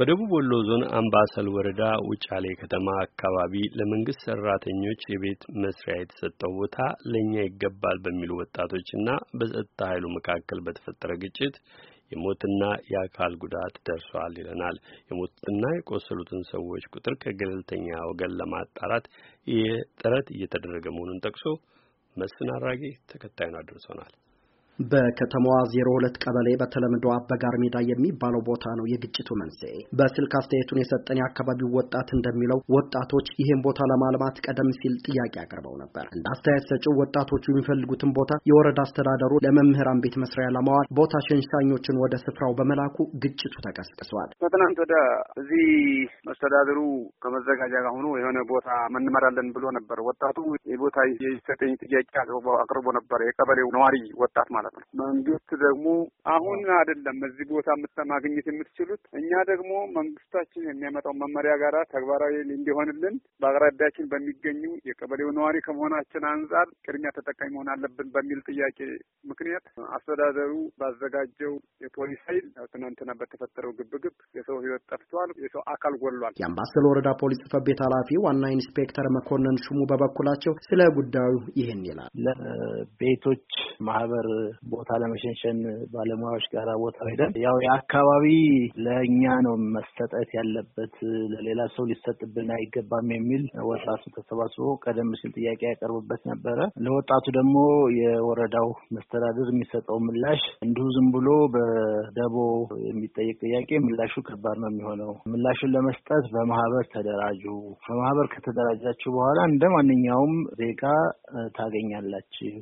በደቡብ ወሎ ዞን አምባሰል ወረዳ ውጫሌ ከተማ አካባቢ ለመንግስት ሰራተኞች የቤት መስሪያ የተሰጠው ቦታ ለእኛ ይገባል በሚሉ ወጣቶችና በጸጥታ ኃይሉ መካከል በተፈጠረ ግጭት የሞትና የአካል ጉዳት ደርሷል ይለናል። የሞትና የቆሰሉትን ሰዎች ቁጥር ከገለልተኛ ወገን ለማጣራት ጥረት እየተደረገ መሆኑን ጠቅሶ መስፍን አራጌ ተከታዩን አድርሶናል። በከተማዋ ዜሮ ቀበሌ በተለምዶ አበጋር ሜዳ የሚባለው ቦታ ነው የግጭቱ መንስኤ። በስልክ አስተያየቱን የሰጠን የአካባቢው ወጣት እንደሚለው ወጣቶች ይህን ቦታ ለማልማት ቀደም ሲል ጥያቄ አቅርበው ነበር። እንደ አስተያየት ሰጪው ወጣቶቹ የሚፈልጉትን ቦታ የወረዳ አስተዳደሩ ለመምህራን ቤት መስሪያ ለማዋል ቦታ ሸንሻኞችን ወደ ስፍራው በመላኩ ግጭቱ ተቀስቅሷል። ከትናንት ወደ እዚህ መስተዳደሩ ከመዘጋጃ ጋር ሆኖ የሆነ ቦታ መንመራለን ብሎ ነበር። ወጣቱ የቦታ የሰጠኝ ጥያቄ አቅርቦ ነበር። የቀበሌው ነዋሪ ወጣት ማለት ማለት ነው። መንግስት ደግሞ አሁን አይደለም እዚህ ቦታ ማግኘት የምትችሉት እኛ ደግሞ መንግስታችን የሚያመጣው መመሪያ ጋራ ተግባራዊ እንዲሆንልን በአቅራቢያችን በሚገኙ የቀበሌው ነዋሪ ከመሆናችን አንጻር ቅድሚያ ተጠቃሚ መሆን አለብን በሚል ጥያቄ ምክንያት አስተዳደሩ ባዘጋጀው የፖሊስ ኃይል ትናንትና በተፈጠረው ግብግብ የሰው ህይወት ጠፍቷል፣ የሰው አካል ጎሏል። የአምባሰል ወረዳ ፖሊስ ጽሕፈት ቤት ኃላፊ ዋና ኢንስፔክተር መኮንን ሹሙ በበኩላቸው ስለ ጉዳዩ ይህን ይላል። ለቤቶች ማህበር ቦታ ለመሸንሸን ባለሙያዎች ጋር ቦታ ሄደን ያው የአካባቢ ለእኛ ነው መሰጠት ያለበት ለሌላ ሰው ሊሰጥብን አይገባም የሚል ወጣቱ ተሰባስቦ ቀደም ሲል ጥያቄ ያቀርብበት ነበረ። ለወጣቱ ደግሞ የወረዳው መስተዳድር የሚሰጠው ምላሽ እንዲሁ ዝም ብሎ በደቦ የሚጠየቅ ጥያቄ ምላሹ ከባድ ነው የሚሆነው። ምላሹን ለመስጠት በማህበር ተደራጁ። በማህበር ከተደራጃችሁ በኋላ እንደ ማንኛውም ዜጋ ታገኛላችሁ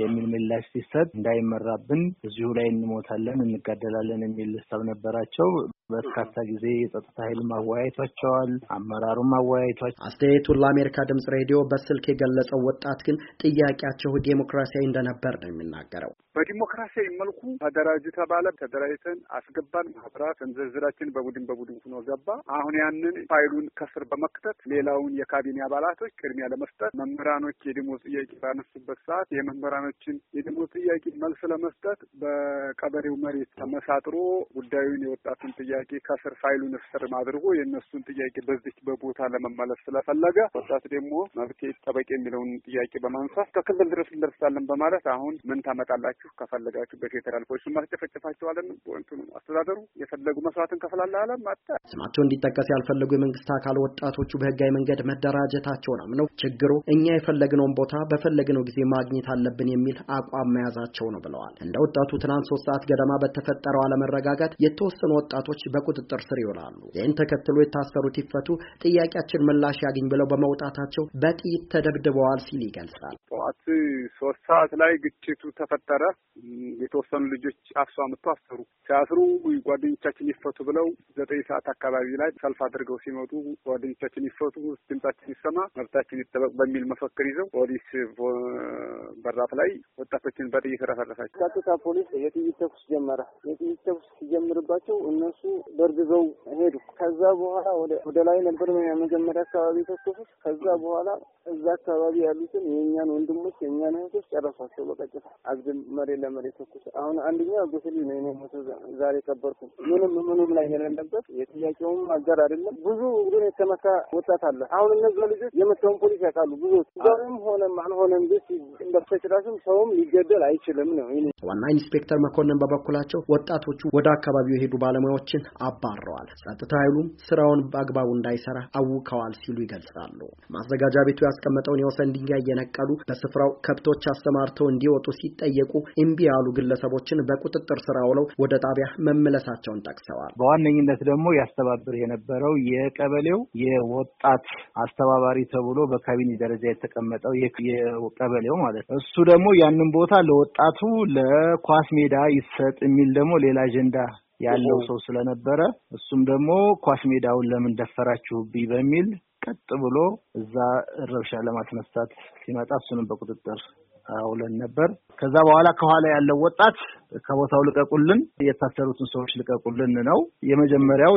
የሚል ምላሽ ሲሰጥ እንዳይመራብን እዚሁ ላይ እንሞታለን፣ እንጋደላለን የሚል ሀሳብ ነበራቸው። በርካታ ጊዜ የጸጥታ ኃይል ማወያየቷቸዋል፣ አመራሩ ማወያየቷቸ አስተያየቱን ለአሜሪካ ድምጽ ሬዲዮ በስልክ የገለጸው ወጣት ግን ጥያቄያቸው ዴሞክራሲያዊ እንደነበር ነው የሚናገረው። በዲሞክራሲያዊ መልኩ ተደራጅ ተባለ። ተደራጅተን አስገባን ማህበራት እንዝርዝራችን በቡድን በቡድን ሆኖ ገባ። አሁን ያንን ፋይሉን ከስር በመክተት ሌላውን የካቢኔ አባላቶች ቅድሚያ ለመስጠት መምህራኖች የደሞዝ ጥያቄ ባነሱበት ሰዓት የመምህራኖችን የደሞዝ ጥያቄ መልስ ለመስጠት በቀበሌው መሬት ተመሳጥሮ ጉዳዩን የወጣቱን ጥያቄ ጥያቄ ከስር ፋይሉን ስር አድርጎ የእነሱን ጥያቄ በዚች በቦታ ለመመለስ ስለፈለገ ወጣት ደግሞ መብቴ ጠበቅ የሚለውን ጥያቄ በማንሳት ከክልል ድረስ እንደርሳለን በማለት አሁን ምን ታመጣላችሁ ከፈለጋችሁ በፌዴራል ፖሊስ ማስጨፈጨፋችኋለን ወንቱን አስተዳደሩ የፈለጉ መስዋዕትን ከፍላለ አለም አጠ ስማቸው እንዲጠቀስ ያልፈለጉ የመንግስት አካል ወጣቶቹ በህጋዊ መንገድ መደራጀታቸውን አምነው ችግሩ እኛ የፈለግነውን ቦታ በፈለግነው ጊዜ ማግኘት አለብን የሚል አቋም መያዛቸው ነው ብለዋል። እንደ ወጣቱ ትናንት ሶስት ሰዓት ገደማ በተፈጠረው አለመረጋጋት የተወሰኑ ወጣቶች በቁጥጥር ስር ይውላሉ። ይህን ተከትሎ የታሰሩት ይፈቱ፣ ጥያቄያችን ምላሽ ያግኝ ብለው በመውጣታቸው በጥይት ተደብድበዋል ሲል ይገልጻል። ጠዋት ሶስት ሰዓት ላይ ግጭቱ ተፈጠረ። የተወሰኑ ልጆች አፍሶ አምጥቶ አሰሩ። ሲያስሩ ጓደኞቻችን ይፈቱ ብለው ዘጠኝ ሰዓት አካባቢ ላይ ሰልፍ አድርገው ሲመጡ ጓደኞቻችን ይፈቱ፣ ድምጻችን ይሰማ፣ መብታችን ይጠበቅ በሚል መፈክር ይዘው ፖሊስ በራፍ ላይ ወጣቶችን በጥይት ረፈረፋቸው። ጸጥታ ፖሊስ የጥይት ተኩስ ጀመረ። የጥይት ተኩስ ሲጀምርባቸው እነሱ በርግዘው ሄዱ። ከዛ በኋላ ወደ ላይ ነበር መጀመሪያ አካባቢ የተኮሱት። ከዛ በኋላ እዛ አካባቢ ያሉትን የእኛን ወንድሞች የእኛን እህቶች ጨረሷቸው። በቀጭታ አግድም መሬት ለመሬት ተኩስ። አሁን አንደኛ ጉስሊ ነው የኔ ሞቶ ዛሬ ቀበርኩ። ምንም ምኑም ላይ የሌለበት የጥያቄውም አገር አይደለም። ብዙ ግን የተመካ ወጣት አለ። አሁን እነዛ ልጆች የመተውን ፖሊስ ያውቃሉ። ብዙዎች ዛሬም ሆነም አልሆነም ቤት በተጭራሽም ሰውም ሊገደል አይችልም ነው። ዋና ኢንስፔክተር መኮንን በበኩላቸው ወጣቶቹ ወደ አካባቢው የሄዱ ባለሙያዎችን ሰዎችን አባረዋል፣ ጸጥታ ኃይሉም ስራውን በአግባቡ እንዳይሰራ አውከዋል ሲሉ ይገልጻሉ። ማዘጋጃ ቤቱ ያስቀመጠውን የወሰን ድንጋይ እየነቀሉ በስፍራው ከብቶች አሰማርተው እንዲወጡ ሲጠየቁ እምቢ ያሉ ግለሰቦችን በቁጥጥር ስራ ውለው ወደ ጣቢያ መመለሳቸውን ጠቅሰዋል። በዋነኝነት ደግሞ ያስተባብር የነበረው የቀበሌው የወጣት አስተባባሪ ተብሎ በካቢኔ ደረጃ የተቀመጠው የቀበሌው ማለት ነው። እሱ ደግሞ ያንን ቦታ ለወጣቱ ለኳስ ሜዳ ይሰጥ የሚል ደግሞ ሌላ አጀንዳ ያለው ሰው ስለነበረ እሱም ደግሞ ኳስ ሜዳውን ለምን ደፈራችሁብኝ በሚል ቀጥ ብሎ እዛ ረብሻ ለማስነሳት ሲመጣ እሱንም በቁጥጥር ውለን ነበር። ከዛ በኋላ ከኋላ ያለው ወጣት ከቦታው ልቀቁልን፣ የታሰሩትን ሰዎች ልቀቁልን ነው የመጀመሪያው።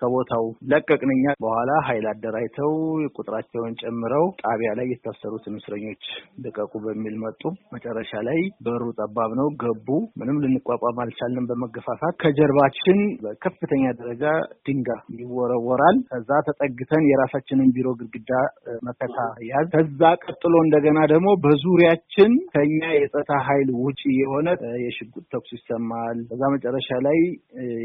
ከቦታው ለቀቅንኛ በኋላ ኃይል አደራጅተው ቁጥራቸውን ጨምረው ጣቢያ ላይ የታሰሩትን እስረኞች ልቀቁ በሚል መጡ። መጨረሻ ላይ በሩ ጠባብ ነው፣ ገቡ። ምንም ልንቋቋም አልቻልንም። በመገፋፋት ከጀርባችን በከፍተኛ ደረጃ ድንጋይ ይወረወራል። ከዛ ተጠግተን የራሳችንን ቢሮ ግድግዳ መከታ ያዝ። ከዛ ቀጥሎ እንደገና ደግሞ በዙሪያችን ከኛ የጸታ ኃይል ውጪ የሆነ የሽጉጥ ተኩስ ይሰማል። በዛ መጨረሻ ላይ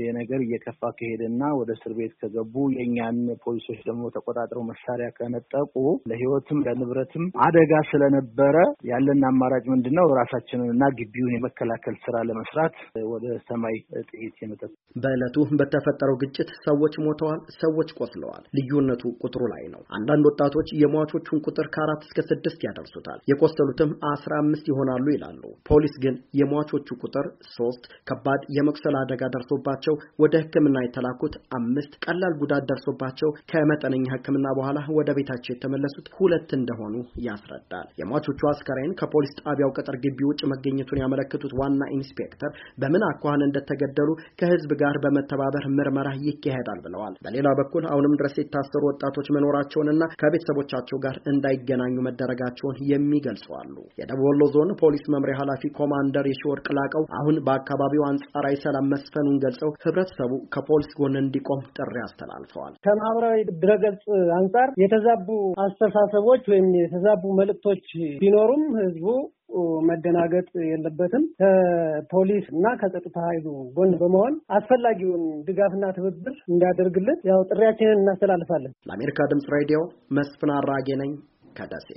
የነገር እየከፋ ከሄደና ወደ እስር ቤት ከገቡ የእኛን ፖሊሶች ደግሞ ተቆጣጥረው መሳሪያ ከነጠቁ ለህይወትም ለንብረትም አደጋ ስለነበረ ያለን አማራጭ ምንድን ነው? ራሳችንን እና ግቢውን የመከላከል ስራ ለመስራት ወደ ሰማይ ጥይት የመጠጥ በዕለቱ በተፈጠረው ግጭት ሰዎች ሞተዋል፣ ሰዎች ቆስለዋል። ልዩነቱ ቁጥሩ ላይ ነው። አንዳንድ ወጣቶች የሟቾቹን ቁጥር ከአራት እስከ ስድስት ያደርሱታል። የቆሰሉትም አስ 15 ይሆናሉ ይላሉ። ፖሊስ ግን የሟቾቹ ቁጥር ሶስት፣ ከባድ የመቁሰል አደጋ ደርሶባቸው ወደ ሕክምና የተላኩት አምስት፣ ቀላል ጉዳት ደርሶባቸው ከመጠነኛ ሕክምና በኋላ ወደ ቤታቸው የተመለሱት ሁለት እንደሆኑ ያስረዳል። የሟቾቹ አስከሬን ከፖሊስ ጣቢያው ቅጥር ግቢ ውጭ መገኘቱን ያመለከቱት ዋና ኢንስፔክተር በምን አኳኋን እንደተገደሉ ከህዝብ ጋር በመተባበር ምርመራ ይካሄዳል ብለዋል። በሌላ በኩል አሁንም ድረስ የታሰሩ ወጣቶች መኖራቸውንና ከቤተሰቦቻቸው ጋር እንዳይገናኙ መደረጋቸውን የሚገልጹ አሉ። ወሎ ዞን ፖሊስ መምሪያ ኃላፊ ኮማንደር የሺወርቅ ላቀው አሁን በአካባቢው አንጻራዊ ሰላም መስፈኑን ገልጸው ህብረተሰቡ ከፖሊስ ጎን እንዲቆም ጥሪ አስተላልፈዋል። ከማህበራዊ ድረገጽ አንጻር የተዛቡ አስተሳሰቦች ወይም የተዛቡ መልእክቶች ቢኖሩም ህዝቡ መደናገጥ የለበትም። ከፖሊስ እና ከጸጥታ ኃይሉ ጎን በመሆን አስፈላጊውን ድጋፍና ትብብር እንዲያደርግልን ያው ጥሪያችንን እናስተላልፋለን። ለአሜሪካ ድምጽ ሬዲዮ መስፍን አራጌ ነኝ ከደሴ።